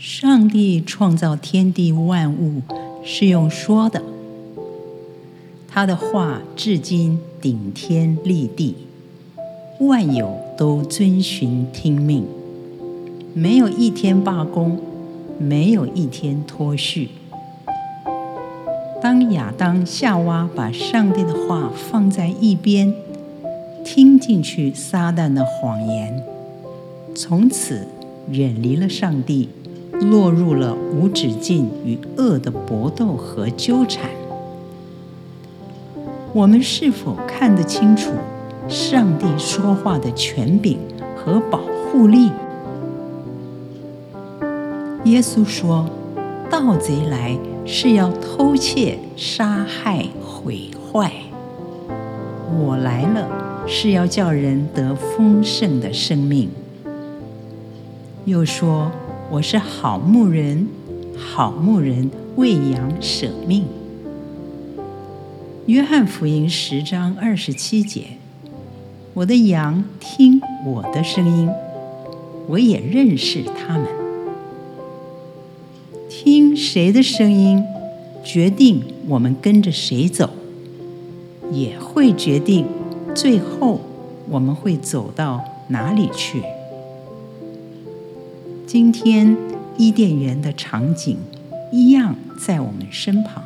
上帝創造天地萬物是用說的，他的話至今頂天立地，萬有都遵循聽命，沒有一天罷工，沒有一天脫序。當亞當夏娃把上帝的話放在一邊，聽進去撒旦的謊言，從此遠離了上帝。落入了無止境與惡的搏鬥和糾纏，我們是否看得清楚上帝說話的權柄和保護力？耶穌說：“盜賊來是要偷竊、殺害、毀壞，我來了是要叫人得豐盛的生命。”又說：我是好牧人，好牧人為羊舍命。約翰福音十章二十七節：我的羊聽我的聲音，我也認識他們。聽誰的聲音，決定我們跟着誰走，也會決定最後我們會走到哪裡去。今天伊甸園的場景一樣在我們身旁，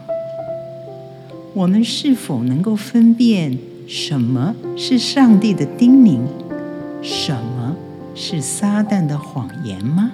我們是否能夠分辨什麼是上帝的叮嚀，什麼是撒旦的謊言嗎？